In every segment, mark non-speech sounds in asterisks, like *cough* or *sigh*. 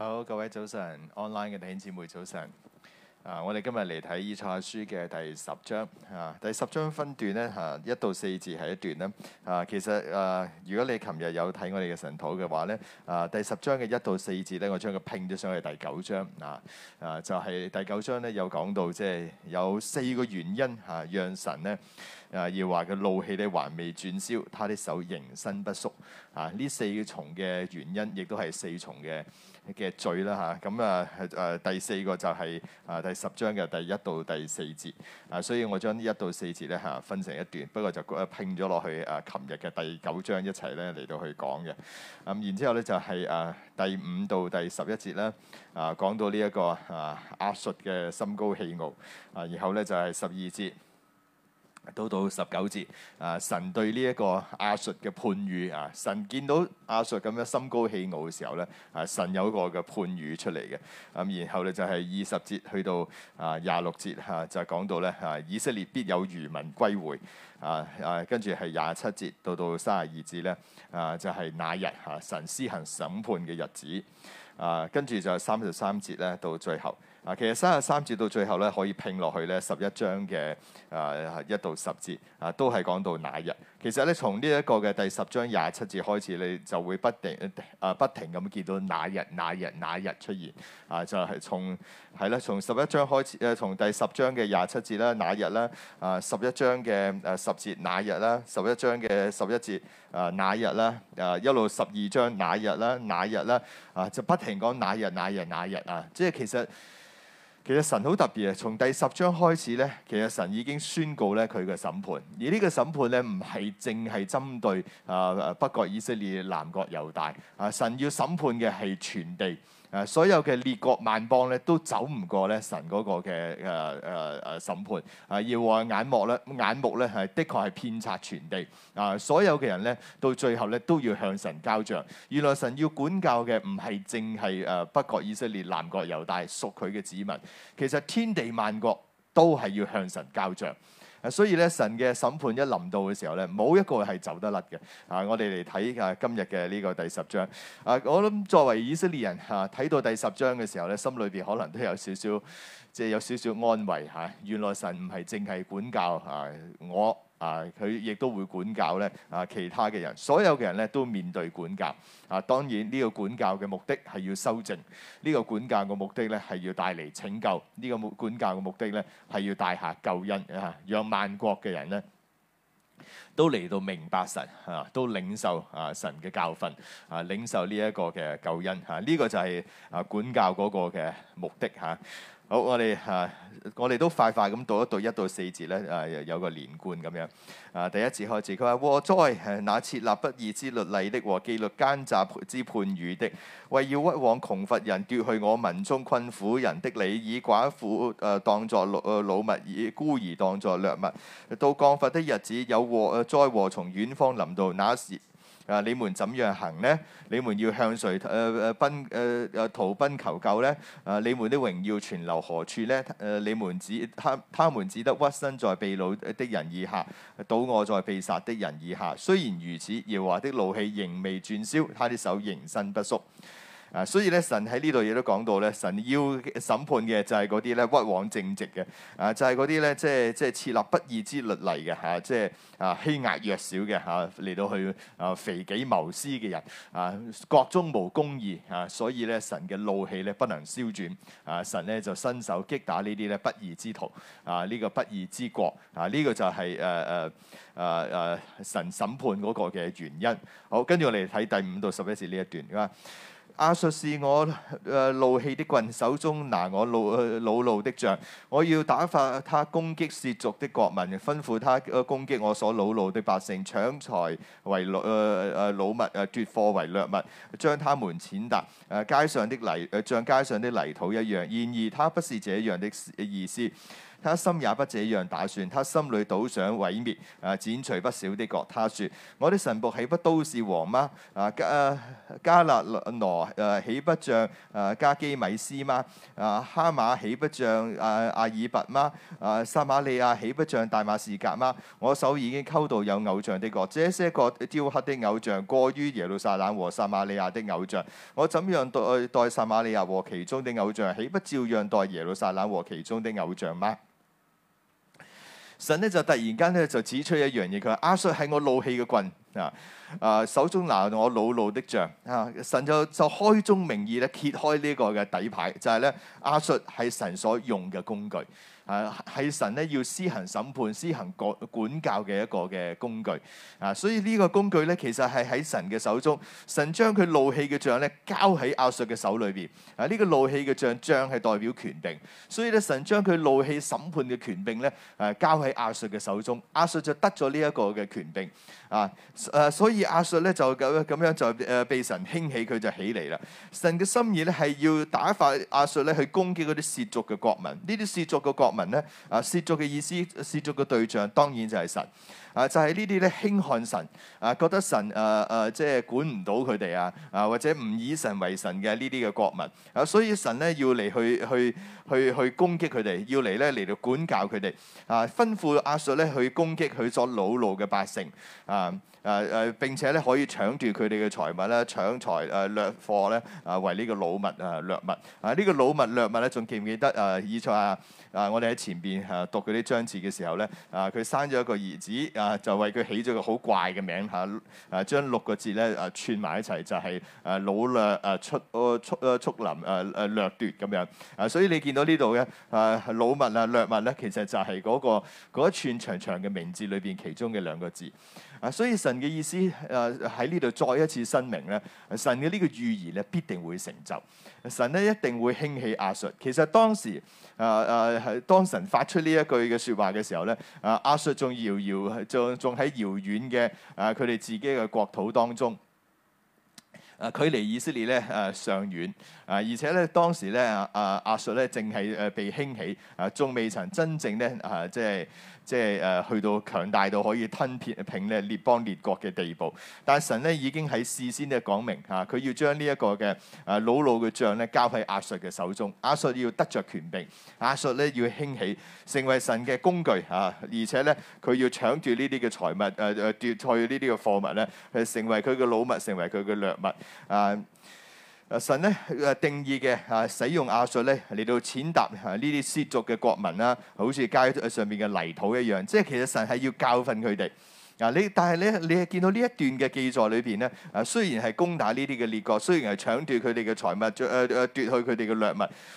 好，各位早晨，online 嘅弟兄姊妹早晨。啊，我哋今日嚟睇以賽亞書嘅第十章啊。第十章分段咧吓、啊，一到四節係一段咧。啊，其實啊，如果你琴日有睇我哋嘅神土嘅話咧，啊，第十章嘅一到四節咧，我將佢拼咗上去第九章啊。啊，就係、是、第九章咧，有講到即係有四個原因吓、啊，讓神咧啊，耶和華嘅怒氣咧還未轉消，他啲手仍伸不縮。啊，呢四重嘅原因，亦都係四重嘅。嘅罪啦嚇，咁啊誒、啊、第四個就係、是、啊第十章嘅第一到第四節啊，所以我將呢一到四節咧嚇分成一段，不過就誒拼咗落去啊，琴日嘅第九章一齊咧嚟到去講嘅咁、啊，然之後咧就係、是、誒、啊、第五到第十一節啦。啊，講到呢、這、一個啊亞述嘅心高氣傲啊，然後咧就係、是、十二節。到到十九節，啊，神對呢一個亞述嘅判語啊，神見到亞述咁樣心高氣傲嘅時候咧，啊，神有個嘅判語出嚟嘅，咁、啊、然後咧就係二十節去到啊廿六節嚇，就講、是、到咧啊，啊，以色列必有餘民歸回啊，啊，跟住係廿七節到到卅二節咧，啊，就係、是、那日嚇、啊、神施行審判嘅日子啊，跟住就係三十三節咧到最後。啊，其實三十三節到最後咧，可以拼落去咧十一章嘅啊一到十節啊，都係講到那日。其實咧，從呢一個嘅第十章廿七節開始，你就會不停啊不停咁見到那日那日那日出現啊，就係從係啦，從十一章開始，誒，從第十章嘅廿七節啦，那日啦啊，十一章嘅誒十節那日啦，十一章嘅十一節啊那日啦啊一路十二章那日啦那日啦啊就不停講那日那日那日啊，即係其實。其實神好特別啊，從第十章開始咧，其實神已經宣告咧佢嘅審判，而呢個審判咧唔係淨係針對啊北國以色列、南國猶大啊，神要審判嘅係全地。誒，所有嘅列國萬邦咧，都走唔過咧神嗰個嘅誒誒誒審判。誒耶和華眼目咧，眼目咧係的確係遍察全地。啊，所有嘅人咧，到最後咧都要向神交賬。原來神要管教嘅唔係淨係誒北國以色列、南國猶大，屬佢嘅子民。其實天地萬國都係要向神交賬。所以咧，神嘅審判一臨到嘅時候咧，冇一個係走得甩嘅。啊，我哋嚟睇下今日嘅呢個第十章。啊，我諗作為以色列人啊，睇到第十章嘅時候咧，心裏邊可能都有少少，即係有少少安慰吓，啊。原來神唔係淨係管教啊我。啊！佢亦都會管教咧啊！其他嘅人，所有嘅人咧都面對管教啊！當然呢個管教嘅目的係要修正，呢個管教嘅目的咧係要帶嚟拯救，呢個管管教嘅目的咧係要帶下救恩啊！讓萬國嘅人咧都嚟到明白神啊，都領受啊神嘅教訓啊，領受呢一個嘅救恩啊！呢個就係啊管教嗰個嘅目的嚇。啊。好，我哋嚇、啊，我哋都快快咁讀一讀一到四節咧。誒、啊，有個連貫咁樣。誒、啊，第一節開始，佢話：禍哉，那設立不義之律例的和紀律奸詐之判語的，為要屈枉窮乏人，奪去我民中困苦人的理，以寡婦誒、啊、當作擄擄物，以孤兒當作掠物。到降罰的日子，有禍災禍從遠方臨到，那時。啊！你們怎樣行呢？你們要向誰誒誒奔誒誒逃奔求救呢？啊、呃！你們的榮耀存留何處呢？誒、呃！你們只他他們只得屈身在被擄的人以下，倒卧在被殺的人以下。雖然如此，耶和華的怒氣仍未轉消，他的手仍伸不縮。啊，所以咧，神喺呢度亦都講到咧，神要審判嘅就係嗰啲咧屈枉正直嘅啊，就係嗰啲咧即係即係設立不義之律嚟嘅嚇，即係啊、就是、欺壓弱小嘅嚇，嚟、啊、到去啊肥己謀私嘅人啊，國中無公義啊，所以咧神嘅怒氣咧不能消轉啊，神咧就伸手擊打呢啲咧不義之徒啊，呢、這個不義之國啊，呢、這個就係誒誒誒誒神審判嗰個嘅原因。好，跟住我哋睇第五到十一節呢一段啊。亞述是我誒、呃、怒氣的棍，手中拿我老、呃、惱怒的杖，我要打發他攻擊世俗的國民，吩咐他、呃、攻擊我所惱怒的百姓，搶財為老誒、呃、老物，誒奪貨為掠物，將他們踐踏誒、呃、街上的泥、呃、像街上的泥土一樣。然而他不是這樣的意思。他心也不這樣打算，他心裏倒想毀滅啊，剪除不少的國。他說：我啲神僕，豈不都是王嗎？啊加加勒羅誒，豈、啊、不像啊加基米斯嗎？啊哈馬豈不像啊阿爾拔嗎？啊撒瑪利亞豈不像大馬士革嗎？我手已經溝到有偶像的國，這些個雕刻的偶像，過於耶路撒冷和撒瑪利亞的偶像。我怎樣待待撒瑪利亞和其中的偶像，豈不照樣待耶路撒冷和其中的偶像嗎？神咧就突然間咧就指出一樣嘢，佢話：阿術係我怒氣嘅棍啊！啊，手中拿我惱怒的杖啊！神就就開宗明義咧揭開呢個嘅底牌，就係、是、咧阿術係神所用嘅工具。啊，係神咧要施行審判、施行管管教嘅一個嘅工具啊，所以呢個工具咧，其實係喺神嘅手中，神將佢怒氣嘅杖咧交喺亞述嘅手裏邊啊，呢、這個怒氣嘅杖，杖係代表權柄。所以咧神將佢怒氣審判嘅權柄咧，誒、啊、交喺亞述嘅手中，亞述就得咗呢一個嘅權柄。啊，誒，所以亞述咧就咁樣，咁樣就誒被神興起，佢就起嚟啦。神嘅心意咧係要打發亞述咧去攻擊嗰啲褻瀆嘅國民，呢啲褻瀆嘅國民咧，啊，褻瀆嘅意思，褻瀆嘅對象當然就係神。啊，就係呢啲咧輕看神啊，覺得神誒誒、呃呃、即係管唔到佢哋啊，啊或者唔以神為神嘅呢啲嘅國民啊，所以神咧要嚟去去去去攻擊佢哋，要嚟咧嚟到管教佢哋啊，吩咐亞述咧去攻擊佢所惱怒嘅百姓啊啊誒，並且咧可以搶奪佢哋嘅財物啦，搶財誒掠貨咧啊，為呢個老物啊掠物啊，呢、啊這個老物掠物咧仲記唔記得誒？以賽啊！啊！我哋喺前邊嚇讀嗰啲章節嘅時候咧，啊，佢、啊、生咗一個兒子，啊，就為佢起咗個好怪嘅名嚇，啊，將、啊、六個字咧啊串埋一齊就係、是、啊老略啊畜啊畜啊畜林啊啊掠奪咁樣啊，所以你見到呢度嘅啊老物啊掠物咧，其實就係嗰、那個一串長長嘅名字裏邊其中嘅兩個字啊，所以神嘅意思啊喺呢度再一次申明咧、啊，神嘅呢個預言咧必定會成就，啊、神咧一定會興起亞述。其實當時啊啊～啊啊啊啊啊啊係當神發出呢一句嘅説話嘅時候咧、啊，阿亞述仲遙遙，仲仲喺遙遠嘅啊佢哋自己嘅國土當中，啊距離以色列咧啊尚遠，啊而且咧當時咧、啊、阿阿亞述咧正係誒被興起，啊仲未曾真正咧啊即係。即係誒、呃、去到強大到可以吞片平咧列邦列國嘅地步，但係神咧已經喺事先咧講明嚇，佢、啊、要將呢一個嘅啊老老嘅將咧交喺亞述嘅手中，亞述要得着權柄，亞述咧要興起成為神嘅工具嚇、啊，而且咧佢要搶奪呢啲嘅財物誒誒、啊、奪去呢啲嘅貨物咧，去成為佢嘅老物，成為佢嘅掠物啊。神咧誒定義嘅啊，使用亞述咧嚟到踐踏啊呢啲褻瀆嘅國民啦，好似街上邊嘅泥土一樣。即係其實神係要教訓佢哋。嗱你但係咧，你係見到呢一段嘅記載裏邊咧，啊雖然係攻打呢啲嘅列國，雖然係搶奪佢哋嘅財物，誒奪去佢哋嘅掠物，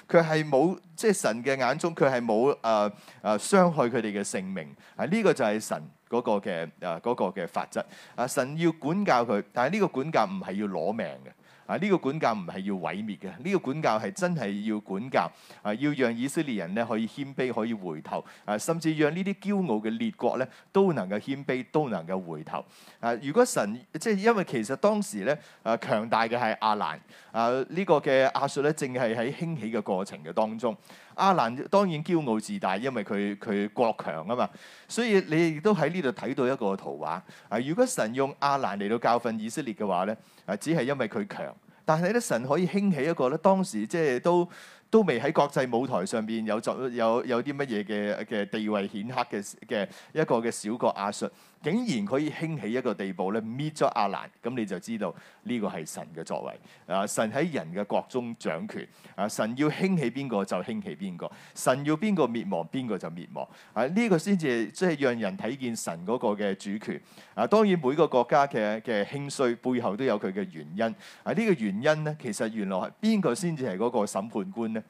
佢係冇即係神嘅眼中佢係冇誒誒傷害佢哋嘅性命。啊呢、這個就係神嗰、那個嘅誒嗰個嘅法則。啊神要管教佢，但係呢個管教唔係要攞命嘅。啊！呢個管教唔係要毀滅嘅，呢個管教係真係要管教，啊要讓以色列人咧可以謙卑，可以回頭，啊甚至讓呢啲驕傲嘅列國咧都能夠謙卑，都能夠回頭。啊！如果神即係因為其實當時咧，啊強大嘅係亞蘭，啊、這個、呢個嘅亞述咧正係喺興起嘅過程嘅當中。阿、啊、蘭當然驕傲自大，因為佢佢國強啊嘛。所以你亦都喺呢度睇到一個圖畫。啊！如果神用亞蘭嚟到教訓以色列嘅話咧，啊只係因為佢強。但係咧，神可以興起一個咧當時即係都都未喺國際舞台上面有作有有啲乜嘢嘅嘅地位顯赫嘅嘅一個嘅小國亞述。竟然可以興起一個地步咧，滅咗亞蘭，咁你就知道呢個係神嘅作為。啊，神喺人嘅國中掌權。啊，神要興起邊個就興起邊個，神要邊個滅亡邊個就滅亡。啊，呢、這個先至即係讓人睇見神嗰個嘅主權。啊，當然每個國家嘅嘅興衰背後都有佢嘅原因。啊，呢、這個原因呢，其實原來係邊個先至係嗰個審判官呢？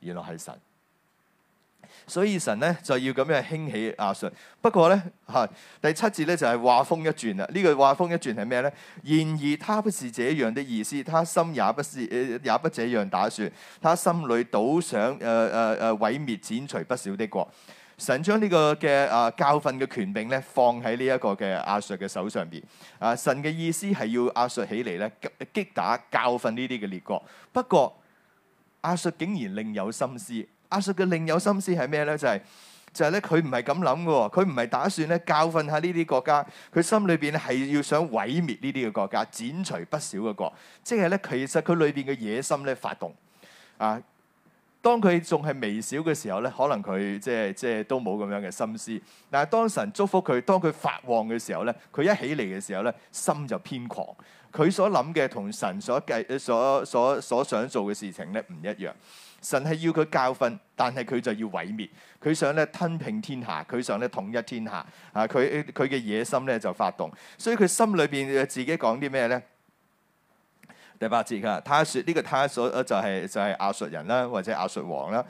原來係神。所以神咧就要咁樣興起亞述。不過咧，係、啊、第七節咧就係、是、話風一轉啦。呢句「話風一轉」係咩咧？然而他不是這樣的意思，他心也不是也不這樣打算。他心裏倒想誒誒誒毀滅剪除不少的國。神將呢個嘅啊教訓嘅權柄咧放喺呢一個嘅亞述嘅手上邊。啊，神嘅意思係要亞述起嚟咧擊打教訓呢啲嘅列國。不過亞述竟然另有心思。亞述嘅另有心思係咩咧？就係就係咧，佢唔係咁諗嘅，佢唔係打算咧教訓下呢啲國家，佢心裏邊係要想毀滅呢啲嘅國家，剪除不少嘅國，即係咧，其實佢裏邊嘅野心咧發動啊。當佢仲係微小嘅時候咧，可能佢即係即係都冇咁樣嘅心思。但係當神祝福佢，當佢發旺嘅時候咧，佢一起嚟嘅時候咧，心就偏狂，佢所諗嘅同神所計所所所想做嘅事情咧唔一樣。神係要佢教訓，但係佢就要毀滅，佢想咧吞併天下，佢想咧統一天下，啊！佢佢嘅野心咧就發動，所以佢心裏邊自己講啲咩咧？第八節㗎，他説呢、這個他所就係、是、就係、是、亞述人啦，或者亞述王啦。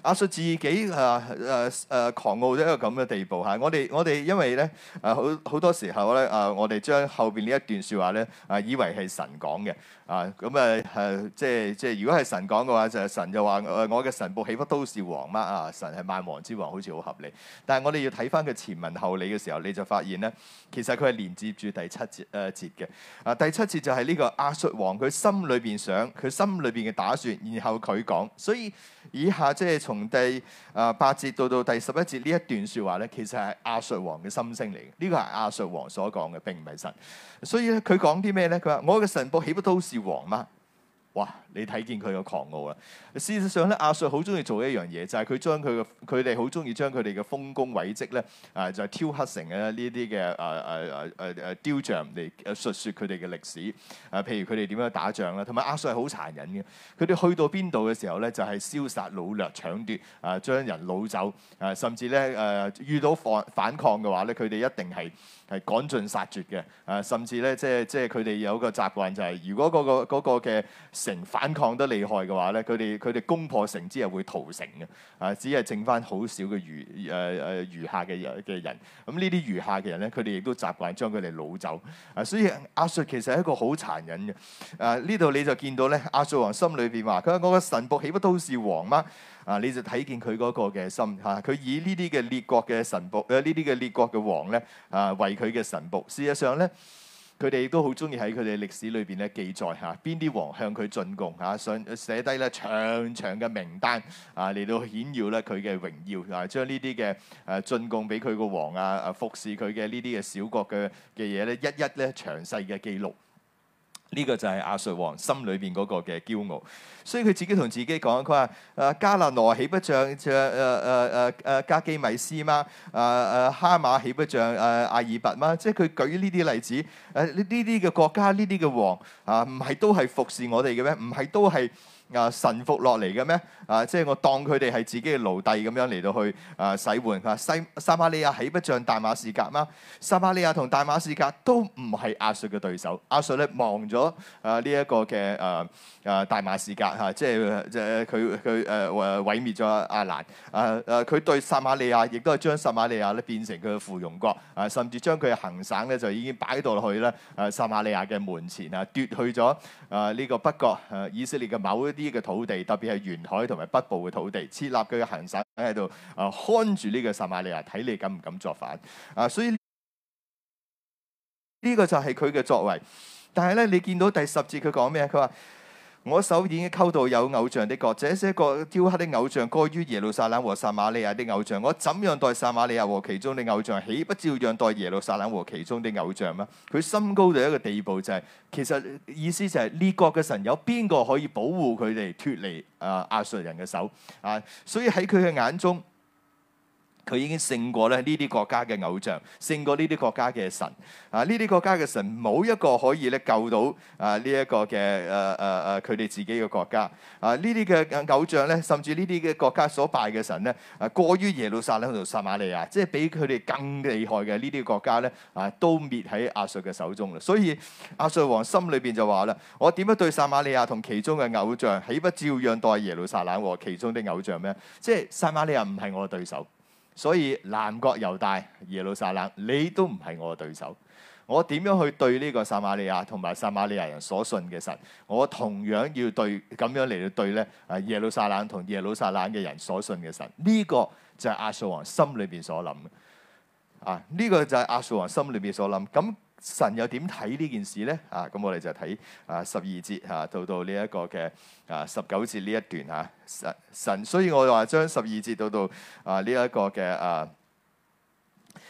阿述自己誒誒誒狂傲咗一個咁嘅地步嚇、啊，我哋我哋因為咧誒、啊、好好多時候咧誒、啊，我哋將後邊呢一段説話咧誒、啊，以為係神講嘅啊，咁誒誒即係即係如果係神講嘅話，就係、是、神就話誒、啊、我嘅臣僕豈不都是王嗎？啊，神係萬王之王，好似好合理。但係我哋要睇翻佢前文後理嘅時候，你就發現咧，其實佢係連接住第七節誒節嘅啊。第七節就係呢個阿述王佢心裏邊想，佢心裏邊嘅打算，然後佢講，所以。以下即係從第啊八節到到第十一節呢一段説話咧，其實係亞述王嘅心聲嚟嘅，呢、這個係亞述王所講嘅，並唔係神。所以咧，佢講啲咩咧？佢話：我嘅神僕豈不都是王嗎？哇！你睇見佢嘅狂傲啦！事實上咧，亞述好中意做一樣嘢，就係佢將佢嘅佢哋好中意將佢哋嘅豐功偉績咧，啊就係、是、雕刻成嘅呢啲嘅誒誒誒誒誒雕像嚟述説佢哋嘅歷史。啊，譬如佢哋點樣打仗啦，同埋亞述係好殘忍嘅。佢哋去到邊度嘅時候咧，就係燒殺擄掠、搶奪啊，將人擄走啊，甚至咧誒、啊、遇到抗反抗嘅話咧，佢哋一定係係趕盡殺絕嘅啊。甚至咧，即係即係佢哋有個習慣就係、是，如果嗰、那個嘅城防反、嗯、抗得厲害嘅話咧，佢哋佢哋攻破城之後會屠城嘅，啊，只係剩翻好少嘅餘誒誒餘下嘅人嘅人。咁、啊、呢啲餘下嘅人咧，佢哋亦都習慣將佢哋擄走。啊，所以亞述其實係一個好殘忍嘅。啊，呢度你就見到咧，亞述王心裏邊話：佢話我嘅臣僕豈不都是王嗎？啊，你就睇見佢嗰個嘅心。嚇、啊，佢以呢啲嘅列國嘅臣僕，誒呢啲嘅列國嘅王咧，啊，為佢嘅臣僕。事實上咧。佢哋都好中意喺佢哋歷史裏邊咧記載下，邊、啊、啲王向佢進貢嚇，想、啊、寫低咧長長嘅名單啊，嚟到顯耀咧佢嘅榮耀，啊將呢啲嘅誒進貢俾佢個王啊，啊服侍佢嘅呢啲嘅小國嘅嘅嘢咧，一一咧詳細嘅記錄。呢個就係亞述王心裏邊嗰個嘅驕傲，所以佢自己同自己講：佢話誒迦勒挪豈不像像誒誒誒迦基米施嘛？誒誒哈馬豈不像誒亞珥拔嘛？」即係佢舉呢啲例子，誒呢呢啲嘅國家，呢啲嘅王啊，唔係都係服侍我哋嘅咩？唔係都係。啊，臣服落嚟嘅咩？啊，即係我當佢哋係自己嘅奴隸咁樣嚟到去使喚。換，西撒瑪利亞豈不像大馬士革嗎？撒瑪利亞同大馬士革都唔係亞述嘅對手。亞述咧望咗啊呢一個嘅啊啊大馬士革吓，即係誒佢佢誒毀滅咗亞蘭，啊啊佢對撒瑪利亞亦都係將撒瑪利亞咧變成佢嘅附庸國，啊，甚至將佢嘅行省咧就已經擺到落去咧啊撒瑪利亞嘅門前啊，奪去咗啊呢個北國以色列嘅某一啲。呢個土地，特別係沿海同埋北部嘅土地，設立佢嘅行省喺度，啊、呃、看住呢個撒瑪利亞，睇你敢唔敢作反啊！所以呢、呢個就係佢嘅作為。但係咧，你見到第十節佢講咩？佢話。我手已經溝到有偶像的國，這些個雕刻的偶像過於耶路撒冷和撒瑪利亞的偶像，我怎樣待撒瑪利亞和其中的偶像，豈不照樣待耶路撒冷和其中的偶像嗎？佢深高到一個地步，就是，就係其實意思就係，是，列國嘅神有邊個可以保護佢哋脫離啊亞述人嘅手啊？所以喺佢嘅眼中。佢已經勝過咧呢啲國家嘅偶像，勝過呢啲國家嘅神啊！呢啲國家嘅神冇一個可以咧救到啊呢一個嘅誒誒誒佢哋自己嘅國家啊！呢啲嘅偶像咧，甚至呢啲嘅國家所拜嘅神咧，誒、啊、過於耶路撒冷同撒瑪利亞，即係比佢哋更厲害嘅呢啲國家咧啊，都滅喺亞述嘅手中啦。所以亞述王心裏邊就話啦：我點樣對撒瑪利亞同其中嘅偶像，豈不照樣對耶路撒冷和其中的偶像咩？即係撒瑪利亞唔係我嘅對手。所以南國猶大、耶路撒冷，你都唔係我嘅對手。我點樣去對呢個撒瑪利亞同埋撒瑪利亞人所信嘅神？我同樣要對咁樣嚟到對咧啊耶路撒冷同耶路撒冷嘅人所信嘅神。呢、這個就係亞述王心裏邊所諗啊！呢、這個就係亞述王心裏邊所諗。咁、啊這個神又點睇呢件事咧？啊，咁我哋就睇啊十二節嚇到到呢一個嘅啊十九節呢一段嚇神、啊、神，所以我話將十二節到到啊呢一、這個嘅啊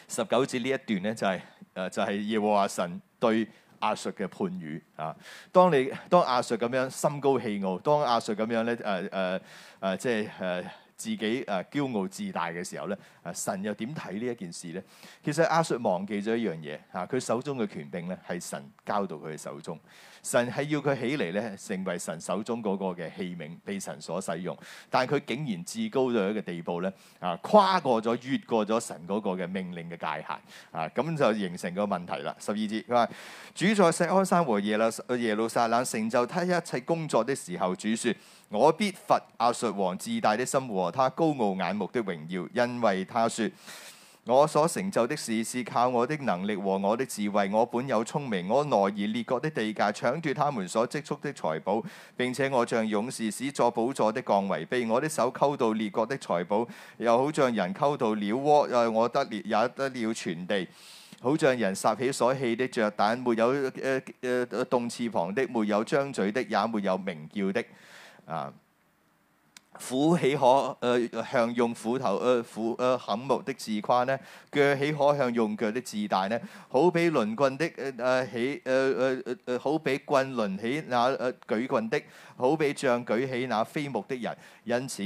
十九節呢一段咧就係、是、誒、啊、就係耶和華神對亞述嘅判語啊。當你當亞述咁樣心高氣傲，當亞述咁樣咧誒誒誒，即係誒。啊自己誒驕傲自大嘅時候咧，誒神又點睇呢一件事咧？其實亞述忘記咗一樣嘢吓，佢手中嘅權柄咧係神交到佢嘅手中。神係要佢起嚟咧，成為神手中嗰個嘅器皿，被神所使用。但佢竟然至高到一個地步咧，啊，跨過咗、越過咗神嗰個嘅命令嘅界限啊，咁就形成個問題啦。十二節佢話：主在錫安山和耶路耶路撒冷成就他一切工作的時候，主説：我必罰亞述王自大的心和他高傲眼目的榮耀，因為他説。我所成就的事是靠我的能力和我的智慧。我本有聰明，我挪移列國的地界，搶奪他們所積蓄的財寶。並且我像勇士，使坐寶座的降為卑。我的手溝到列國的財寶，又好像人溝到鳥窩。誒，我得列也得了全地，好像人拾起所棄的雀蛋，沒有誒誒、呃呃、動翅膀的，沒有張嘴的，也沒有鳴叫的。啊、uh,！斧豈可誒、呃，向用斧頭誒斧誒，砍、呃、木、呃、的自誇呢？腳豈可向用腳的自大呢？好比輪棍的誒誒豈誒誒誒，好比棍輪起那誒、呃，舉棍的。好比杖舉起那飛木的人，因此，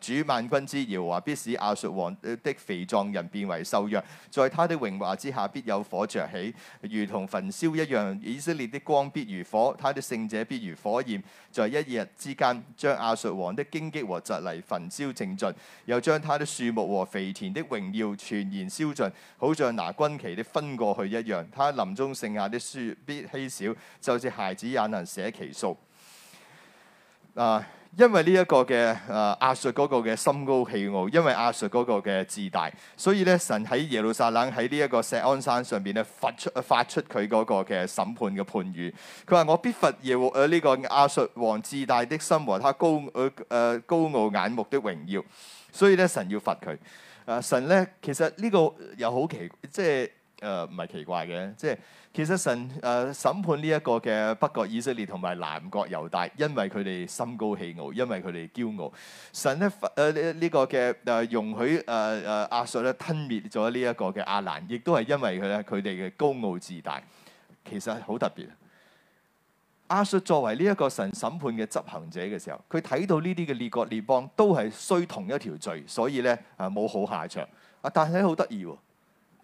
主萬軍之耶和華必使亞述王的肥壯人變為瘦弱，在他的榮華之下必有火着起，如同焚燒一樣。以色列的光必如火，他的聖者必如火焰，在一日之間將亞述王的荊棘和蒺藜焚燒淨盡，又將他的樹木和肥田的榮耀全然燒盡，好像拿軍旗的分過去一樣。他林中剩下的樹必稀少，就是孩子也能寫其數。啊，因為呢一個嘅啊亞述嗰個嘅心高氣傲，因為亞述嗰個嘅自大，所以咧神喺耶路撒冷喺呢一個錫安山上邊咧罰出、啊、發出佢嗰個嘅審判嘅判語，佢話我必罰耶和誒呢個亞述王自大的心和他高誒誒、啊、高傲眼目的榮耀，所以咧神要罰佢。啊，神咧其實呢個又好奇即係。就是誒唔係奇怪嘅，即係其實神誒、呃、審判呢一個嘅北國以色列同埋南國猶大，因為佢哋心高氣傲，因為佢哋驕傲。神咧誒呢呢、呃這個嘅誒、呃、容許誒誒亞述咧吞滅咗呢一個嘅亞蘭，亦都係因為佢咧佢哋嘅高傲自大。其實好特別。亞述作為呢一個神審判嘅執行者嘅時候，佢睇到呢啲嘅列國列邦都係衰同一條罪，所以咧啊冇好下場。啊，但係好得意喎。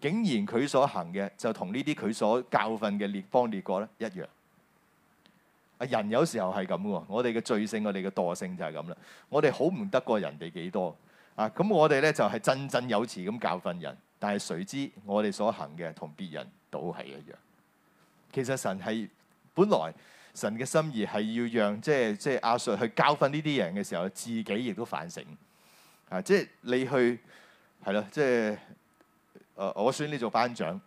竟然佢所行嘅就同呢啲佢所教訓嘅列邦列國咧一樣。啊，人有時候係咁喎，我哋嘅罪性，我哋嘅惰性就係咁啦。我哋好唔得過人哋幾多啊？咁我哋咧就係振振有詞咁教訓人，但係誰知我哋所行嘅同別人都係一樣。其實神係本來神嘅心意係要讓即係亞述去教訓呢啲人嘅時候，自己亦都反省。啊，即係你去係咯，即係。誒，我選呢做班長。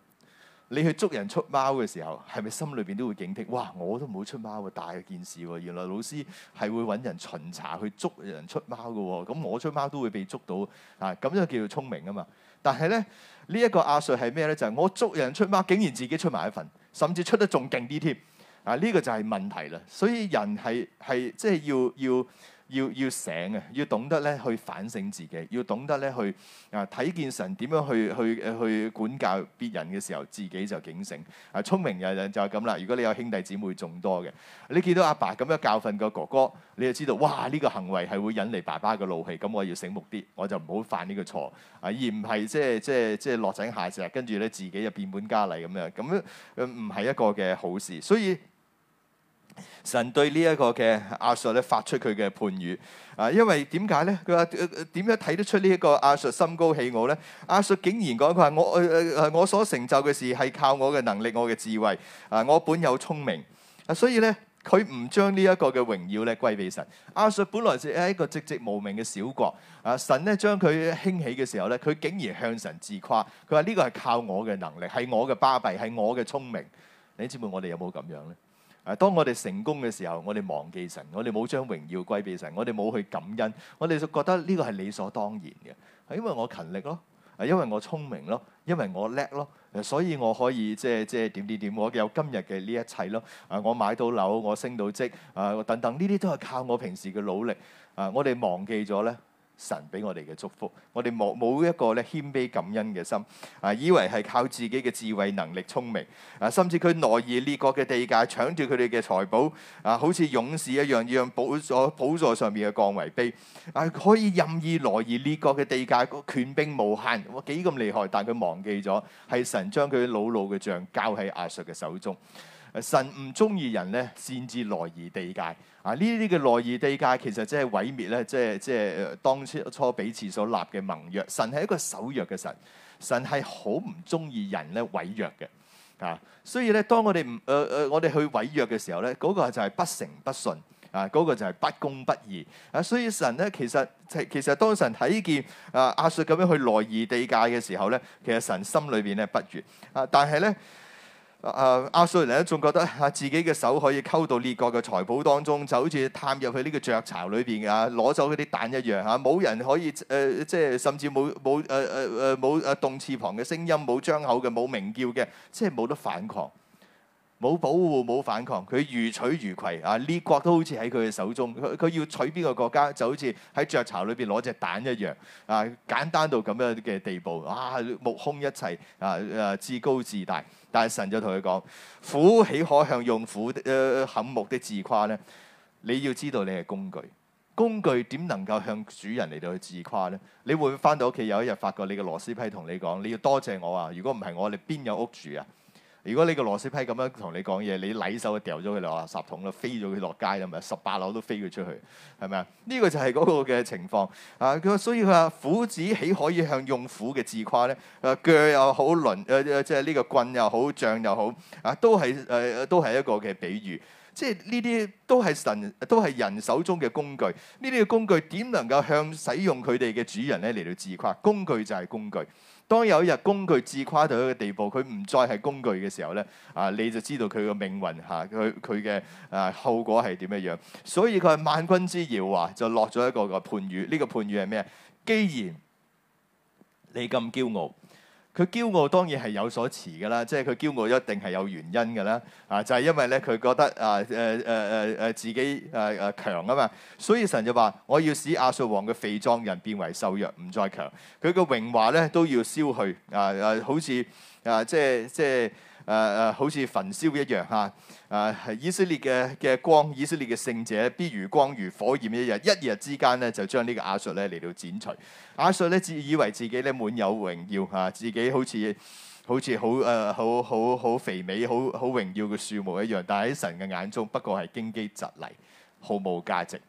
你去捉人出貓嘅時候，係咪心裏邊都會警惕？哇！我都唔冇出貓喎，大件事喎。原來老師係會揾人巡查去捉人出貓嘅。咁我出貓都會被捉到啊！咁就叫做聰明啊嘛。但係咧，呢、這、一個阿 Sir 係咩咧？就係、我捉人出貓，竟然自己出埋一份，甚至出得仲勁啲添啊！呢、這個就係問題啦。所以人係係即係要要。要要要醒啊！要懂得咧去反省自己，要懂得咧去啊睇見神點樣去去誒去管教別人嘅時候，自己就警醒啊！聰明人就就係咁啦。如果你有兄弟姊妹眾多嘅，你見到阿爸咁樣教訓個哥哥，你就知道哇！呢個行為係會引嚟爸爸嘅怒氣，咁我要醒目啲，我就唔好犯呢個錯啊！而唔係即係即係即係落井下石，跟住咧自己就變本加厲咁樣，咁樣唔係一個嘅好事，所以。神對呢一個嘅亞述咧，發出佢嘅判語啊，因為點解咧？佢話點樣睇得出阿，呢一個亞述心高氣傲咧？亞述竟然講，佢話我我我所成就嘅事係靠我嘅能力，我嘅智慧啊，我本有聰明啊，所以咧佢唔將呢一個嘅榮耀咧歸俾神。亞述本來是喺一個寂寂無名嘅小國啊，神咧將佢興起嘅時候咧，佢竟然向神自誇，佢話呢個係靠我嘅能力，係我嘅巴閉，係我嘅聰明。你知唔知我哋有冇咁樣咧？誒，當我哋成功嘅時候，我哋忘記神，我哋冇將榮耀歸俾神，我哋冇去感恩，我哋就覺得呢個係理所當然嘅，係因為我勤力咯，係因為我聰明咯，因為我叻咯，我咯、呃，所以我可以即係即係點點點，我有今日嘅呢一切咯，啊、呃呃，我買到樓，我升到職，啊、呃，等等呢啲都係靠我平時嘅努力，啊、呃，我哋忘記咗呢。神俾我哋嘅祝福，我哋冇冇一個咧謙卑感恩嘅心，啊，以為係靠自己嘅智慧能力聰明，啊，甚至佢挪移列國嘅地界搶住佢哋嘅財寶，啊，好似勇士一樣，要讓寶座寶座上面嘅降為卑，啊，可以任意挪移列國嘅地界權柄無限，幾咁厲害？但佢忘記咗係神將佢老老嘅杖交喺亞述嘅手中。神唔中意人咧，先至來而地界。啊，呢啲嘅來而地界其實即係毀滅咧，即係即係當初彼此所立嘅盟約。神係一個守約嘅神，神係好唔中意人咧毀約嘅。啊，所以咧，當我哋唔誒誒，我哋去毀約嘅時候咧，嗰、那個就係不誠不信。啊，嗰、那個就係不公不義。啊，所以神咧其實，其實當神睇見啊亞述咁樣去來而地界嘅時候咧，其實神心裏邊咧不悦。啊，但係咧。Uh, 啊！亞述人咧仲覺得啊，自己嘅手可以溝到列國嘅財寶當中，就好似探入去呢個雀巢裏邊啊，攞走嗰啲蛋一樣啊！冇人可以誒、呃，即係甚至冇冇誒誒誒冇誒動翅膀嘅聲音，冇張口嘅，冇鳴叫嘅，即係冇得反抗，冇保護，冇反抗，佢如取如攜啊！列國都好似喺佢嘅手中，佢佢要取邊個國家，就好似喺雀巢裏邊攞隻蛋一樣啊！簡單到咁樣嘅地步啊！目空一切啊！誒自高自大。但神就同佢講：斧豈可向用斧嘅砍、呃、木的自誇咧？你要知道你係工具，工具點能夠向主人嚟到去自誇咧？你會唔會返到屋企有一日發覺你個螺絲批同你講：你要多謝我啊！如果唔係我，你邊有屋住啊？如果你個螺絲批咁樣同你講嘢，你攆手掉咗佢落垃圾桶啦，飛咗佢落街啦，咪十八樓都飛佢出去，係咪、這個、啊？呢個就係嗰個嘅情況啊！佢所以佢話：斧子豈可以向用斧嘅自誇咧？誒、啊，鋸又好，輪誒、啊、即係呢個棍又好，杖又好，啊，都係誒、啊，都係一個嘅比喻，即係呢啲都係神，都係人手中嘅工具。呢啲嘅工具點能夠向使用佢哋嘅主人咧嚟到自誇？工具就係工具。當有一日工具自誇到一個地步，佢唔再係工具嘅時候咧，啊，你就知道佢嘅命運嚇，佢佢嘅啊，啊後果係點樣樣。所以佢係萬軍之搖啊，就落咗一個、這個判語。呢個判語係咩？既然你咁驕傲。佢驕傲當然係有所恃嘅啦，即係佢驕傲一定係有原因嘅啦，啊就係、是、因為咧佢覺得啊誒誒誒誒自己誒誒、啊啊啊、強啊嘛，所以神就話我要使亞述王嘅肥壯人變為瘦弱，唔再強，佢嘅榮華咧都要消去啊啊，好似啊即係即係。誒誒、呃，好似焚燒一樣嚇，誒、啊、係以色列嘅嘅光，以色列嘅聖者，必如光如火焰一樣，一夜之間咧就將呢個亞述咧嚟到剪除。亞述咧自以為自己咧滿有榮耀嚇、啊，自己好似好似、呃、好誒好好好，好肥美、好好榮耀嘅樹木一樣，但喺神嘅眼中不過係荊棘蒺藜，毫無價值。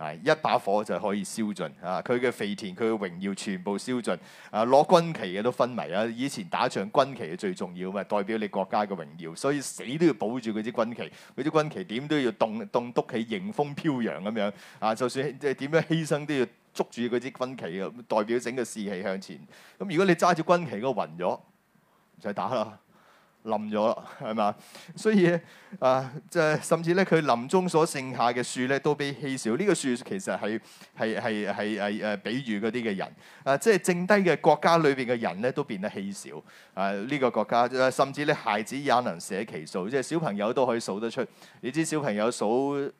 係一把火就可以燒盡啊！佢嘅肥田，佢嘅榮耀全部燒盡啊！攞軍旗嘅都昏迷啦！以前打仗軍旗係最重要啊，代表你國家嘅榮耀，所以死都要保住嗰支軍旗。嗰支軍旗點都要棟棟篤起迎風飄揚咁樣啊！就算即係點樣犧牲都要捉住嗰支軍旗啊！代表整個士氣向前。咁、啊、如果你揸住軍旗嗰、個暈咗，唔使打啦。冧咗啦，係嘛？所以啊，即、呃、係甚至咧，佢林中所剩下嘅樹咧，都必稀少。呢、這個樹其實係係係係係誒，比喻嗰啲嘅人啊、呃，即係剩低嘅國家裏邊嘅人咧，都變得稀少啊。呢、呃這個國家甚至咧，孩子也能寫其數，即係小朋友都可以數得出。你知小朋友數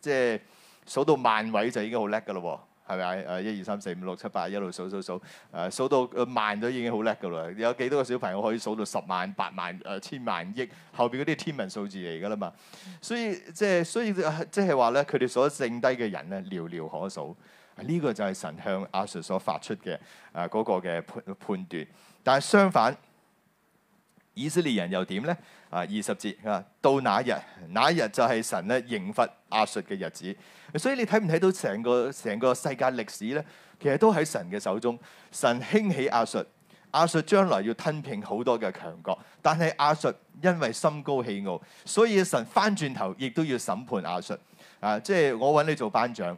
即係數到萬位就已經好叻㗎啦喎。呃係咪啊？誒，一二三四五六七八，一路數數數，誒，數到萬都已經好叻噶啦！有幾多個小朋友可以數到十萬、八萬、誒、千萬億？後邊嗰啲天文數字嚟噶啦嘛！所以即係，所以即係話咧，佢哋所剩低嘅人咧，寥寥可數。呢個就係神向亞述所發出嘅誒嗰個嘅判判斷。但係相反，以色列人又點咧？啊，二十節啊，到那日，那日就係神咧懲罰亞述嘅日子。所以你睇唔睇到成個成個世界歷史咧？其實都喺神嘅手中。神興起亞述，亞述將來要吞併好多嘅強國，但係亞述因為心高氣傲，所以神翻轉頭亦都要審判亞述。啊，即係我揾你做班長，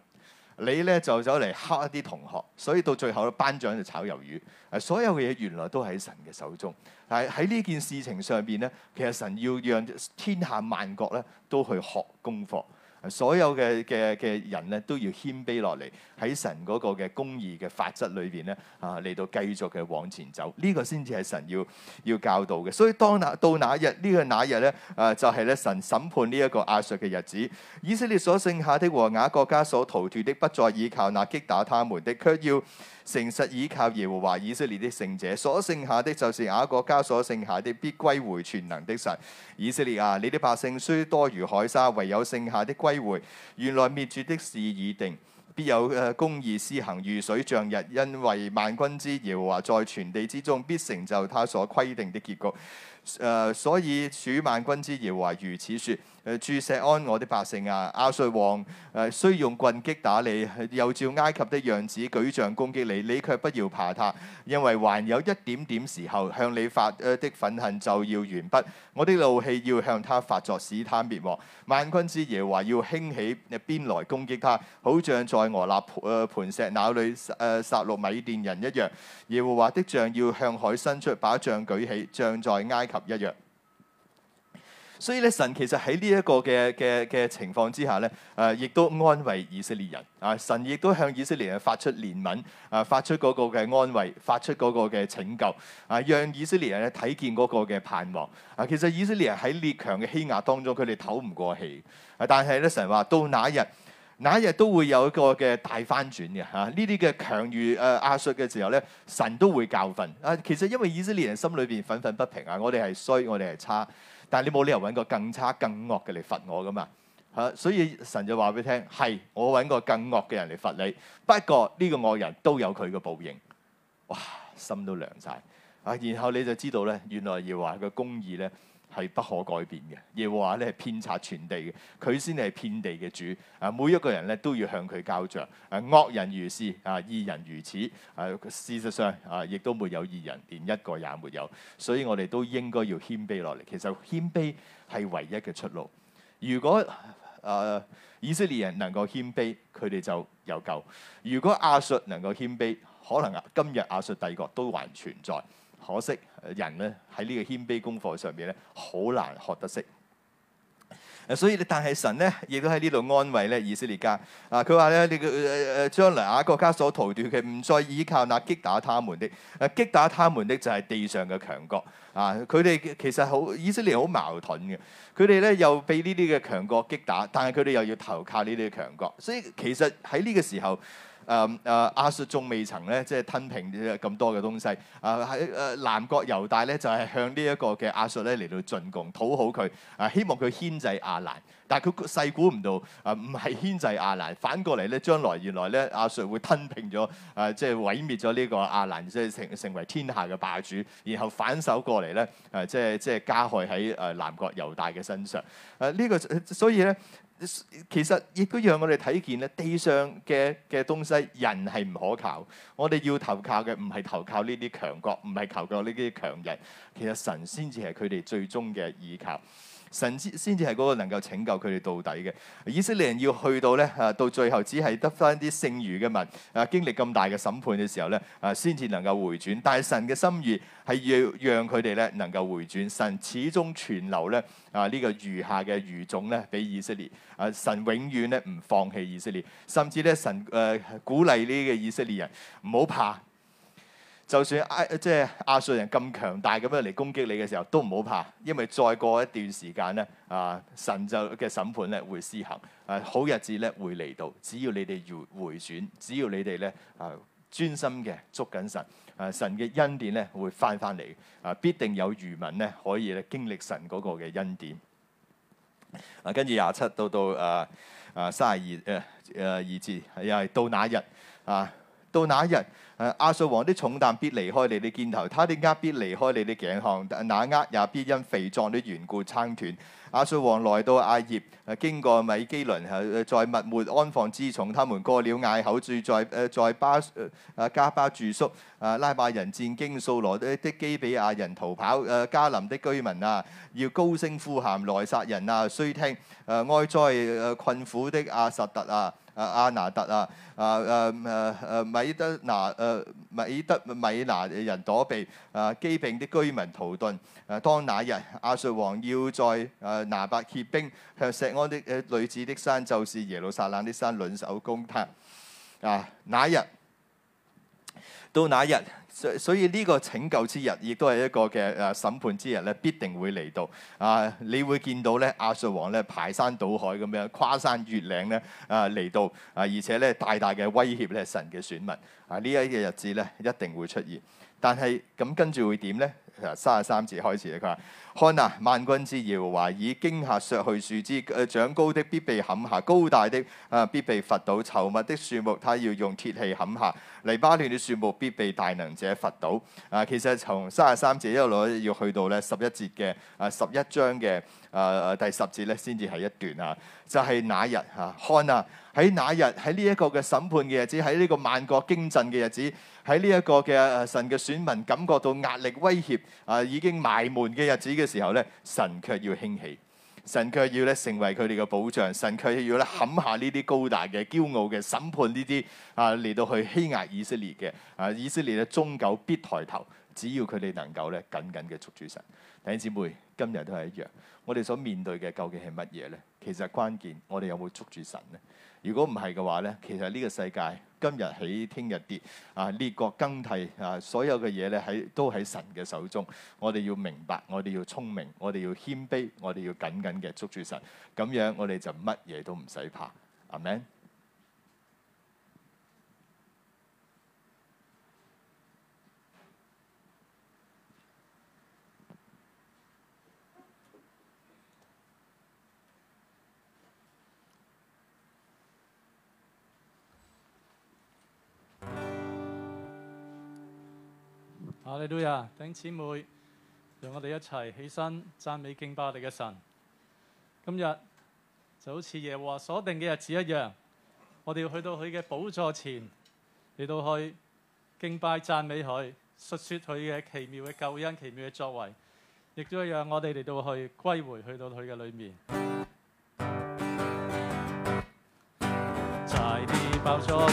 你咧就走嚟敲一啲同學，所以到最後班長就炒魷魚。啊，所有嘅嘢原來都喺神嘅手中。但係喺呢件事情上邊咧，其實神要讓天下萬國咧都去學功課。所有嘅嘅嘅人咧都要謙卑落嚟喺神個嘅公義嘅法則裏邊咧啊嚟到繼續嘅往前走，呢個先至係神要要教導嘅。所以當那到那一日呢個那一日咧啊就係咧神審判呢一個亞述嘅日子。以色列所剩下的和雅各家所逃脱的不再倚靠那擊打他們的，卻要誠實倚靠耶和華以色列的聖者。所剩下的就是雅各家所剩下的，必歸回全能的神。以色列啊，你啲百姓雖多如海沙，唯有剩下的歸。機會，原來滅絕的事已定，必有、呃、公義施行。如水漲溢，因為萬軍之耶和華在全地之中必成就他所規定的結局。誒、呃，所以主萬軍之耶和華如此説：誒、呃，住錫安我的百姓啊！亞述王誒、呃，雖用棍擊打你，又照埃及的樣子舉杖攻擊你，你卻不要怕他，因為還有一點點時候向你發誒、呃、的憤恨就要完畢，我的怒氣要向他發作，使他滅亡。萬軍之耶和華要興起你邊來攻擊他，好像在俄立、呃、盤石那裏誒、啊、殺戮米甸人一樣。耶和華的杖要向海伸出，把杖舉起，像在埃及。及一樣，所以咧神其實喺呢一個嘅嘅嘅情況之下咧，誒、呃、亦都安慰以色列人啊！神亦都向以色列人發出憐憫啊，發出嗰個嘅安慰，啊、發出嗰個嘅拯救啊，讓以色列人咧睇見嗰個嘅盼望啊！其實以色列人喺列強嘅欺壓當中，佢哋唞唔過氣、啊，但係咧神話到那一日。那一日都會有一個嘅大翻轉嘅嚇，呢啲嘅強如誒亞述嘅時候咧，神都會教訓啊。其實因為以色列人心裏邊憤憤不平啊，我哋係衰，我哋係差，但係你冇理由揾個更差、更惡嘅嚟罰我噶嘛嚇，啊，所以神就話俾你聽係我揾個更惡嘅人嚟罰你，不過呢個惡人都有佢嘅報應。哇，心都涼晒。啊！然後你就知道咧，原來要話個公義咧。係不可改變嘅，耶和華咧係遍察全地嘅，佢先係遍地嘅主。啊，每一個人咧都要向佢交賬。啊，惡人如是，啊，義人如此。啊，事實上啊，亦都沒有義人，連一個也沒有。所以我哋都應該要謙卑落嚟。其實謙卑係唯一嘅出路。如果啊以色列人能夠謙卑，佢哋就有救。如果亞述能夠謙卑，可能，啊，今日亞述帝國都還存在。可惜人咧喺呢個謙卑功課上邊咧，好難學得識。啊，所以但係神咧，亦都喺呢度安慰咧以色列家。啊，佢話咧，你嘅將來雅各家所逃脫嘅，唔再依靠那擊打他們的。啊，擊打他們的就係地上嘅強國。啊，佢哋其實好以色列好矛盾嘅。佢哋咧又俾呢啲嘅強國擊打，但係佢哋又要投靠呢啲嘅強國。所以其實喺呢個時候。誒誒亞述仲未曾咧，即係吞併咁多嘅東西。誒喺誒南國猶大咧，就係、是、向呢一個嘅亞述咧嚟到進貢，討好佢。誒、啊、希望佢牽制亞蘭，但係佢細估唔到，誒唔係牽制亞蘭，反過嚟咧，將來原來咧亞述會吞併咗，誒、啊、即係毀滅咗呢個亞蘭，即係成成為天下嘅霸主，然後反手過嚟咧，誒、啊、即係即係加害喺誒南國猶大嘅身上。誒、啊、呢、這個，所以咧。其實亦都讓我哋睇見咧，地上嘅嘅東西，人係唔可靠。我哋要投靠嘅唔係投靠呢啲強國，唔係投靠呢啲強人。其實神先至係佢哋最終嘅依靠。神先先至係嗰個能夠拯救佢哋到底嘅。以色列人，要去到咧啊，到最後只係得返啲剩餘嘅民啊，經歷咁大嘅審判嘅時候咧啊，先至能夠回轉。但係神嘅心意係要讓佢哋咧能夠回轉。神始終存留咧啊呢個餘下嘅餘種咧俾以色列啊，神永遠咧唔放棄以色列，甚至咧神誒鼓勵呢個以色列人唔好怕。就算亞即係亞述人咁強大咁樣嚟攻擊你嘅時候，都唔好怕，因為再過一段時間咧，啊神就嘅審判咧會施行，啊好日子咧會嚟到，只要你哋回回轉，只要你哋咧啊專心嘅捉緊神，啊神嘅恩典咧會翻翻嚟，啊必定有餘民咧可以咧經歷神嗰個嘅恩典。啊，跟住廿七到到啊啊三十二誒誒二至係又係到那一日啊。啊32，啊到那一日，阿、啊、述王的重擔必離開你啲肩頭，他的軛必離開你啲頸項，那軛也必因肥壯的緣故撐斷。阿、啊、述王來到亞葉，啊、經過米磯崙，喺、啊、在密抹安放輜重，他們過了隘口住，在在、啊、巴阿、啊、迦巴住宿。阿、啊、拉瑪人戰兢，掃羅的基比亞人逃跑。阿、啊、迦琳的居民啊，要高聲呼喊萊煞人啊，須聽。阿哀哉困苦的阿、啊、實特啊！啊！亞拿突啊！啊！誒誒誒！米德拿誒米德米拿人躲避啊！基扁啲居民逃遁。誒當那日亞述王要在誒拿伯歇兵向錫安的誒女子的山，就是耶路撒冷的山掄手攻打。啊！那日。到那一日，所所以呢個拯救之日，亦都係一個嘅誒審判之日咧，必定會嚟到。啊，你會見到咧，亞述王咧排山倒海咁樣跨山越嶺咧，啊嚟到啊，而且咧大大嘅威脅咧神嘅選民。啊，呢一個日子咧，一定會出現。但係咁跟住會點咧？三十三節開始咧，佢話：看啊，萬軍之耶和華以驚嚇削去樹枝，誒長高的必被砍下，高大的啊必被伐倒。稠密的樹木，他要用鐵器砍下；黎巴嫩的樹木，必被大能者伐倒。啊，其實從三十三節一路要去到咧十一節嘅啊十一章嘅啊第十節咧，先至係一段啊。就係、是、那日啊，看啊，喺那日喺呢一個嘅審判嘅日子，喺呢個萬國驚震嘅日子。喺呢一個嘅神嘅選民感覺到壓力威脅啊，已經埋門嘅日子嘅時候呢，神卻要興起，神卻要咧成為佢哋嘅保障，神卻要咧砍下呢啲高大嘅、驕傲嘅，審判呢啲啊嚟到去欺壓以色列嘅啊！以色列嘅終究必抬頭，只要佢哋能夠咧緊緊嘅捉住神。弟兄姊妹，今日都係一樣，我哋所面對嘅究竟係乜嘢呢？其實關鍵，我哋有冇捉住神呢？如果唔係嘅話呢，其實呢個世界，今日起，聽日跌，啊，列國更替，啊，所有嘅嘢咧，喺都喺神嘅手中。我哋要明白，我哋要聰明，我哋要謙卑，我哋要緊緊嘅捉住神。咁樣，我哋就乜嘢都唔使怕。阿門。我哋都呀，弟兄姊妹，讓我哋一齊起身讚美敬拜我哋嘅神。今日就好似耶和華所定嘅日子一樣，我哋要去到佢嘅寶座前，嚟到去敬拜讚美佢，述說佢嘅奇妙嘅救恩、奇妙嘅作為，亦都讓我哋嚟到去歸回去到佢嘅裏面。在地爆咗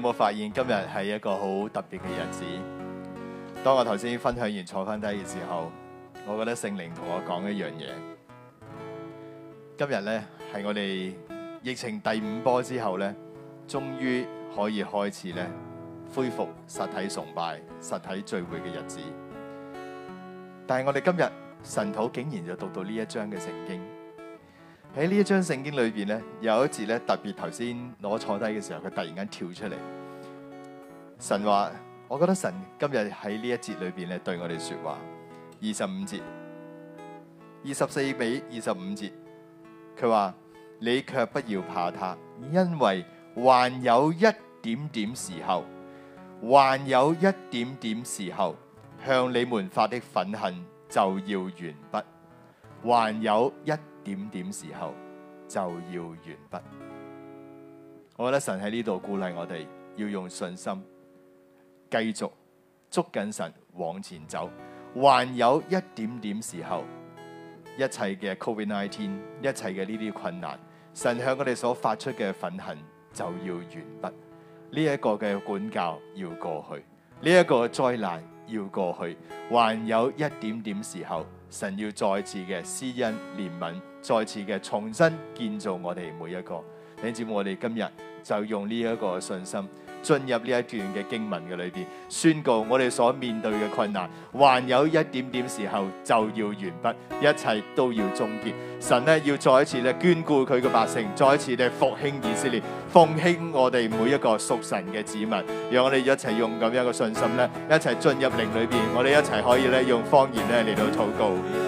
有冇發現今日係一個好特別嘅日子？當我頭先分享完坐翻低嘅時候，我覺得聖靈同我講一樣嘢。今日呢，係我哋疫情第五波之後呢，終於可以開始呢，恢復實體崇拜、實體聚會嘅日子。但係我哋今日神徒竟然就讀到呢一章嘅聖經。喺呢一章聖經裏邊咧，有一節咧特別頭先攞坐低嘅時候，佢突然間跳出嚟。神話，我覺得神今日喺呢一節裏邊咧對我哋說話。二十五節，二十四比二十五節，佢話：你卻不要怕他，因為還有一點點時候，還有一點點時候，向你們發的憤恨就要完畢，還有一點點時候就要完畢，我覺得神喺呢度鼓勵我哋要用信心繼續捉緊神往前走，還有一點點時候，一切嘅 Covid nineteen，一切嘅呢啲困難，神向我哋所發出嘅憤恨就要完畢，呢、這、一個嘅管教要過去，呢、這、一個災難要過去，還有一點點時候，神要再次嘅施恩憐憫。再次嘅重新建造我哋每一個，你知我哋今日就用呢一個信心進入呢一段嘅經文嘅裏邊，宣告我哋所面對嘅困難，還有一點點時候就要完畢，一切都要終結神呢。神咧要再一次咧眷顧佢嘅百姓，再一次咧復興以色列，復興我哋每一個屬神嘅子民，讓我哋一齊用咁樣嘅信心咧，一齊進入靈裏邊，我哋一齊可以咧用方言咧嚟到禱告。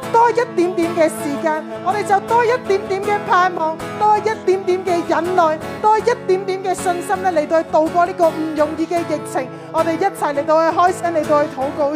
多一點點嘅時間，我哋就多一點點嘅盼望，多一點點嘅忍耐，多一點點嘅信心咧，嚟到去度過呢個唔容易嘅疫情，我哋一齊嚟到去開心，嚟到去禱告。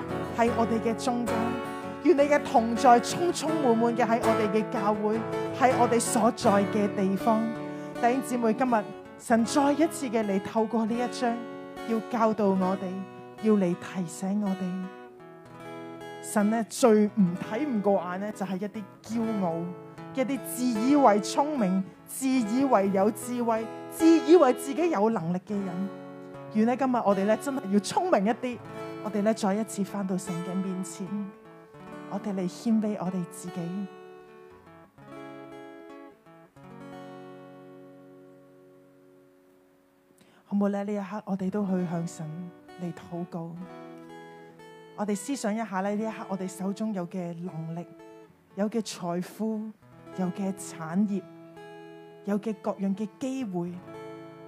喺我哋嘅中間，願你嘅同在，充充滿滿嘅喺我哋嘅教會，喺我哋所在嘅地方。弟兄姊妹，今日神再一次嘅嚟，透過呢一章，要教導我哋，要嚟提醒我哋。神呢，最唔睇唔過眼呢，就係一啲驕傲、一啲自以為聰明、自以為有智慧、自以為自己有能力嘅人。願喺今日，我哋咧真係要聰明一啲。我哋咧再一次返到神嘅面前，嗯、我哋嚟謙卑我哋自己，好唔好咧？呢一刻我哋都去向神嚟禱告。我哋思想一下咧，呢一刻我哋手中有嘅能力，有嘅財富，有嘅產業，有嘅各樣嘅機會，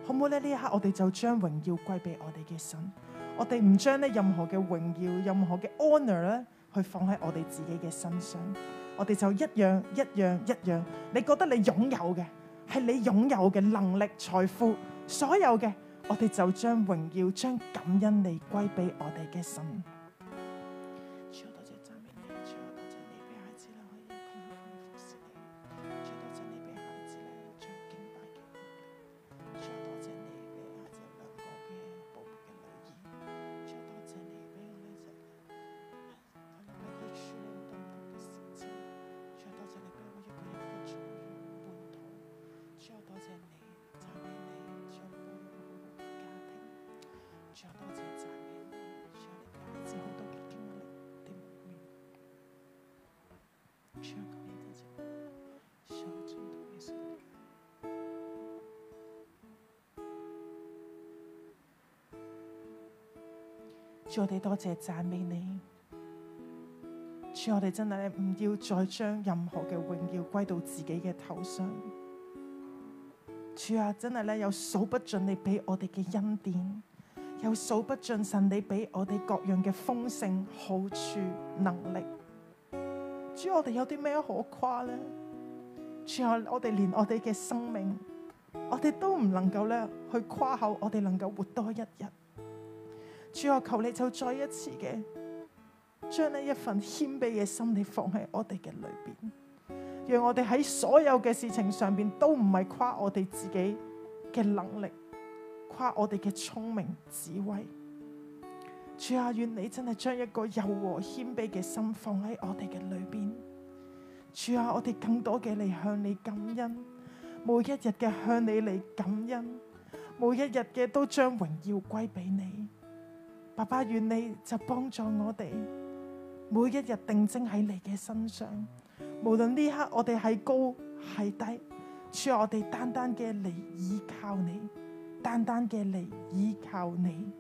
好唔好咧？呢一刻我哋就將榮耀歸俾我哋嘅神。我哋唔將咧任何嘅榮耀、任何嘅 honor 咧，去放喺我哋自己嘅身上，我哋就一樣一樣一樣。你覺得你擁有嘅，係你擁有嘅能力、財富，所有嘅，我哋就將榮耀、將感恩，你歸俾我哋嘅神。主，我哋多謝讚美你，主，我哋真係唔要再將任何嘅榮耀歸到自己嘅頭上，主啊，真係咧有數不盡你俾我哋嘅恩典，有數不盡神你俾我哋各樣嘅豐盛好處能力。主啊，我哋有啲咩可誇呢？主啊，我哋連我哋嘅生命，我哋都唔能夠咧去誇口我哋能夠活多一日。主啊，求你就再一次嘅將呢一份謙卑嘅心理放喺我哋嘅裏邊，讓我哋喺所有嘅事情上邊都唔係誇我哋自己嘅能力，誇我哋嘅聰明智慧。主啊，願你真係將一個柔和謙卑嘅心放喺我哋嘅裏邊。主啊，我哋更多嘅嚟向你感恩，每一日嘅向你嚟感恩，每一日嘅都將榮耀歸俾你。爸爸願你就幫助我哋，每一日定睛喺你嘅身上，無論呢刻我哋係高係低，叫我哋單單嘅嚟依靠你，單單嘅嚟依靠你。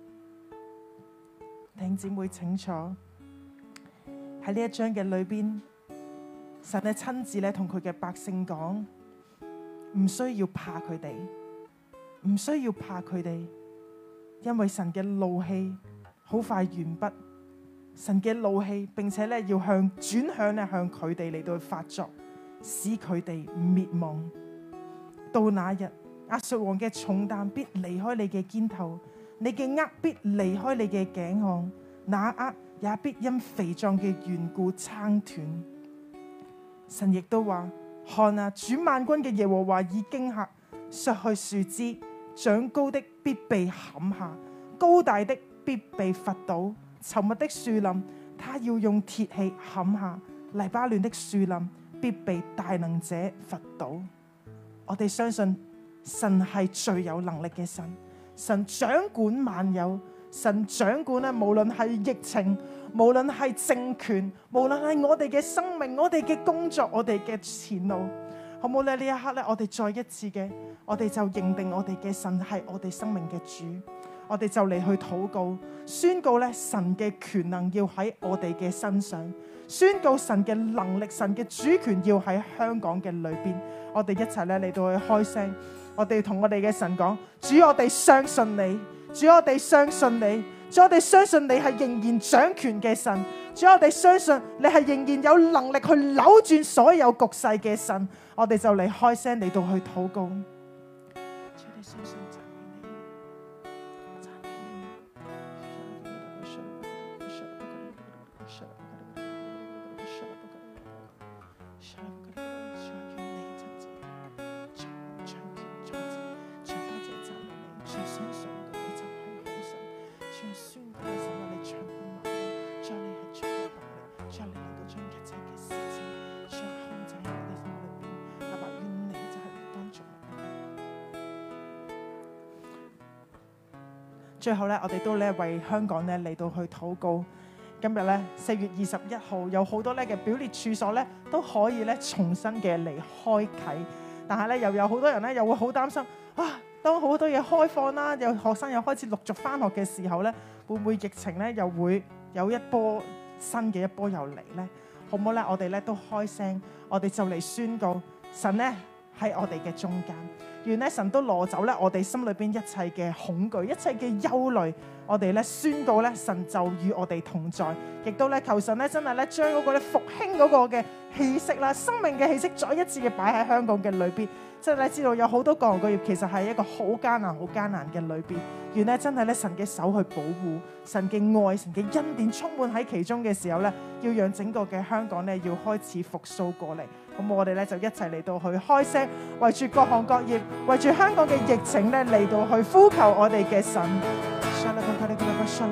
弟兄姊妹請坐。喺呢一章嘅裏邊，神呢親自咧同佢嘅百姓講，唔需要怕佢哋，唔需要怕佢哋，因為神嘅怒氣。好快完畢，神嘅怒氣，並且咧要向轉向咧向佢哋嚟到發作，使佢哋滅亡。到那日，亞述王嘅重擔必離開你嘅肩頭，你嘅軛必離開你嘅頸項，那軛也必因肥壯嘅緣故撐斷。神亦都話：看啊，主萬軍嘅耶和華以驚嚇削去樹枝，長高的必被砍下，高大的。必被伐倒，沉默的樹林，他要用鐵器砍下；黎巴嫩的樹林，必被大能者伐倒。我哋相信神係最有能力嘅神，神掌管萬有，神掌管呢，無論係疫情，無論係政權，無論係我哋嘅生命、我哋嘅工作、我哋嘅前路，好冇咧？呢一刻呢，我哋再一次嘅，我哋就認定我哋嘅神係我哋生命嘅主。我哋就嚟去禱告，宣告咧神嘅權能要喺我哋嘅身上，宣告神嘅能力、神嘅主權要喺香港嘅裏邊。我哋一齊咧嚟到去開聲，我哋同我哋嘅神講：主，我哋相信你；主，我哋相信你；主，我哋相信你係仍然掌權嘅神；主，我哋相信你係仍然有能力去扭轉所有局勢嘅神。我哋就嚟開聲嚟到去禱告。最後咧，我哋都咧為香港咧嚟到去禱告。今日咧四月二十一號，有好多咧嘅表列處所咧都可以咧重新嘅嚟開啓，但係咧又有好多人咧又會好擔心啊！當好多嘢開放啦，有學生又開始陸續翻學嘅時候咧，會唔會疫情咧又會有一波新嘅一波又嚟咧？好唔好咧？我哋咧都開聲，我哋就嚟宣告，神咧喺我哋嘅中間。願咧神都攞走咧我哋心裏邊一切嘅恐懼，一切嘅憂慮，我哋咧宣告咧神就與我哋同在，亦都咧求神咧真係咧將嗰個咧復興嗰個嘅氣息啦，生命嘅氣息再一次嘅擺喺香港嘅裏邊。即係你知道有好多各行各業其實係一個好艱難、好艱難嘅裏邊，願咧真係咧神嘅手去保護，神嘅愛、神嘅恩典充滿喺其中嘅時候咧，要讓整個嘅香港咧要開始復蘇過嚟。咁我哋咧就一齊嚟到去開聲，為住各行各業，為住香港嘅疫情咧嚟到去呼求我哋嘅神。謝謝你，多謝神，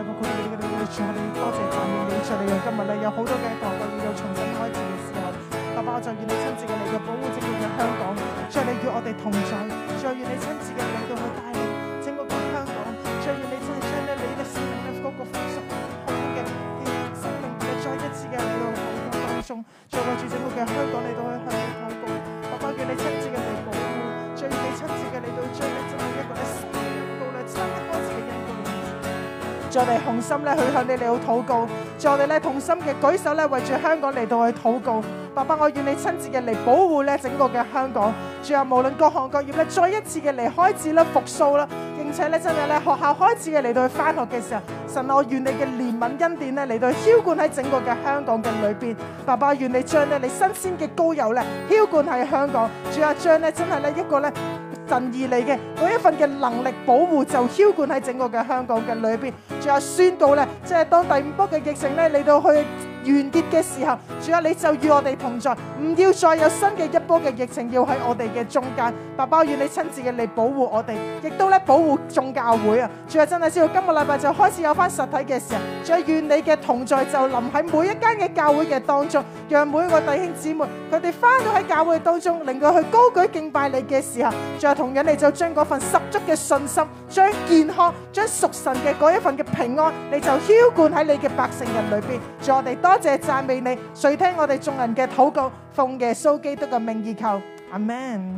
你謝謝你，今日咧有好多嘅堂會要重新開始嘅時候，爸爸，我就願你親自嘅嚟到保護整個嘅香港，謝謝你與我哋同在，再願你親自嘅嚟到去帶。我哋同心咧，去向你哋好禱告；仲有我哋咧同心嘅舉手咧，為住香港嚟到去禱告。爸爸，我願你親自嘅嚟保護咧整個嘅香港；仲有無論各行各業咧，再一次嘅嚟開始啦復蘇啦，而且咧真係咧學校開始嘅嚟到去翻學嘅時候，神，我願你嘅憐憫恩典咧嚟到去澆灌喺整個嘅香港嘅裏邊。爸爸，我願你將咧你新鮮嘅膏油咧澆灌喺香港；仲有將咧真係咧一個咧。神意嚟嘅，嗰一份嘅能力保護就澆灌喺整個嘅香港嘅裏邊，仲有宣告咧，即係當第五波嘅疫情咧嚟到去。完結嘅時候，主啊，你就與我哋同在，唔要再有新嘅一波嘅疫情要喺我哋嘅中間。爸爸，願你親自嘅嚟保護我哋，亦都咧保護眾教會啊！主啊，真係知道今個禮拜就開始有返實體嘅時候，主啊，願你嘅同在就臨喺每一間嘅教會嘅當中，讓每個弟兄姊妹佢哋返到喺教會當中，令佢去高舉敬拜你嘅時候，主啊，同樣你就將嗰份十足嘅信心、將健康、將屬神嘅嗰一份嘅平安，你就澆灌喺你嘅百姓人裏邊，做我哋當。多謝讚美你，隨聽我哋眾人嘅禱告，奉耶穌基督嘅名義求，阿門，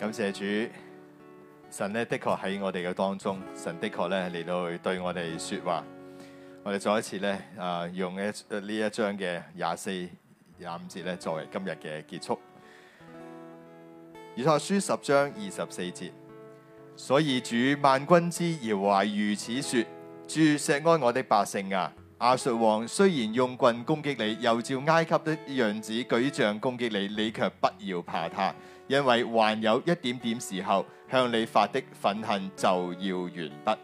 感謝主，神呢，的確喺我哋嘅當中，神的確呢，嚟到去對我哋說話。我哋再一次呢，啊，用一呢一章嘅廿四廿五節呢，節作為今日嘅結束。以賽亞書十章二十四節。所以主萬軍之耶和華如此說：住錫安我的百姓啊！亞述王雖然用棍攻擊你，又照埃及的樣子舉杖攻擊你，你卻不要怕他，因為還有一點點時候向你發的憤恨就要完畢。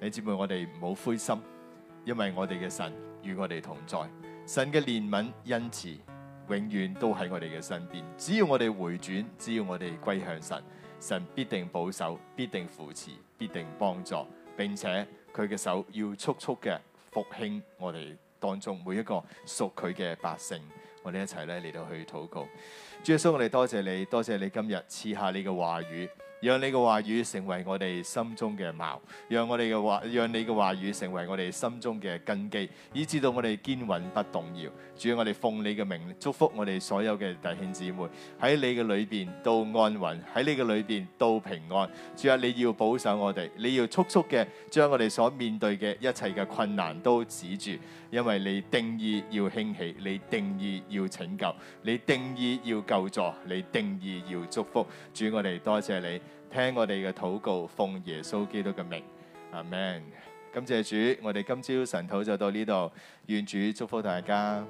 你 *music* 姊妹，我哋唔好灰心，因為我哋嘅神與我哋同在，神嘅憐憫恩慈。」永遠都喺我哋嘅身邊，只要我哋回轉，只要我哋歸向神，神必定保守，必定扶持，必定幫助，並且佢嘅手要速速嘅復興我哋當中每一個屬佢嘅百姓。我哋一齊咧嚟到去禱告，主耶穌，我哋多謝，謝你，多謝，謝你今日賜下你嘅話語。讓你嘅話語成為我哋心中嘅錨，讓我哋嘅話，讓你嘅話語成為我哋心中嘅根基，以至到我哋堅穩不動搖。主，我哋奉你嘅名，祝福我哋所有嘅弟兄姊妹喺你嘅裏邊都安穩，喺你嘅裏邊都平安。主啊，你要保守我哋，你要速速嘅將我哋所面對嘅一切嘅困難都止住。因為你定義要興起，你定義要拯救，你定義要救助，你定義要祝福。主，我哋多謝你，聽我哋嘅禱告，奉耶穌基督嘅名，阿門。感謝主，我哋今朝晨禱就到呢度，願主祝福大家。